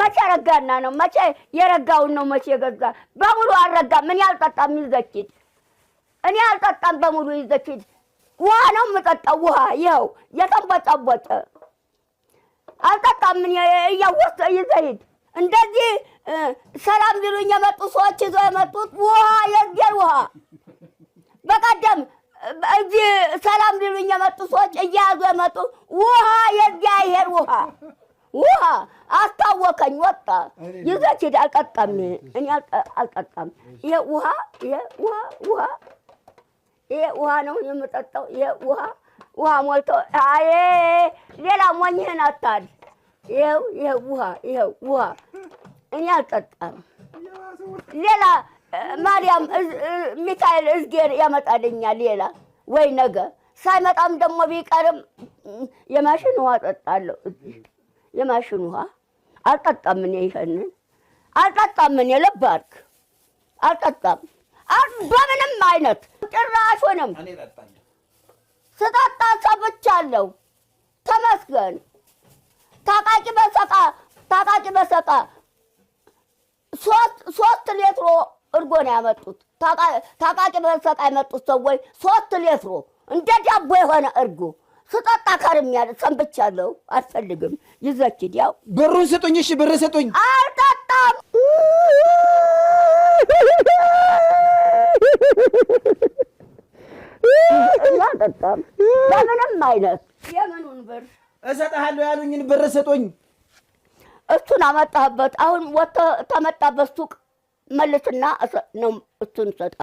መቼ ረጋና ነው? መቼ የረጋውን ነው? መቼ የገዛ በሙሉ አልረጋም። እኔ አልጠጣም ይዘችት፣ እኔ አልጠጣም በሙሉ ይዘችት። ውሃ ነው የምጠጣው። ውሃ ይኸው የተንቦጫቦጨ አልጠጣም። ምን እያወስ ይዘሂድ እንደዚህ ሰላም ቢሉኝ የመጡ ሰዎች ይዘው የመጡት ውሃ የዝጌል ውሃ በቀደም እዚህ ሰላም ቢሉኝ የመጡ ሰዎች እያያዙ የመጡት ውሃ የዝጌ አይሄድ ውሃ ውሃ አስታወቀኝ። ወጣ ይዘች ሄድ አልቀጣም፣ እኔ አልቀጣም። ይሄ ውሃ ይሄ ውሃ ውሃ ይሄ ውሃ ነው የምጠጣው። ይሄ ውሃ ውሃ ሞልቶ አዬ ሌላ ሞኝህን አታል። ይኸው ይኸው ውሃ ይኸው ውሃ እኔ አልቀጣም። ሌላ ማርያም ሚካኤል እዝጌር ያመጣልኛል ሌላ ወይ ነገ ሳይመጣም ደግሞ ቢቀርም የማሽን ውሃ ጠጣለሁ። የማሽን ውሃ አልጠጣም። እኔ ይሄንን አልጠጣም። እኔ ለባርክ አድርግ አልጠጣም። በምንም አይነት ጭራሹንም ስጠጣ ሰብቻለሁ። ተመስገን። ታቃቂ በሰቃ ታቃቂ በሰቃ ሶስት ሌትሮ እርጎ ነው ያመጡት። ታቃቂ በሰቃ የመጡት ሰዎች ሶስት ሌትሮ እንደ ዳቦ የሆነ እርጎ ስጠጣ ከርሜያል፣ ሰንብቻለሁ፣ አልፈልግም። ይዘችድ ያው ብሩን ስጡኝ፣ እሺ ብር ስጡኝ። አልጠጣም። አልጠጣም በምንም አይነት። የምኑን ብር እሰጥሃለሁ ያሉኝን ብር ስጡኝ። እሱን አመጣህበት። አሁን ወጥተህ ተመጣበት ሱቅ መልስና ነው እሱን ሰጣ